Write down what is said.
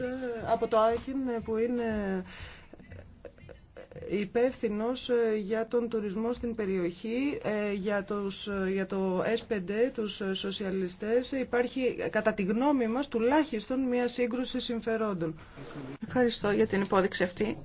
Ε, από το Άχιν ε, που είναι υπεύθυνο ε, για τον τουρισμό στην περιοχή, για, τους, για το S5, τους σοσιαλιστές. Υπάρχει, κατά τη γνώμη μας, τουλάχιστον μια σύγκρουση συμφερόντων. Ευχαριστώ για την υπόδειξη αυτή.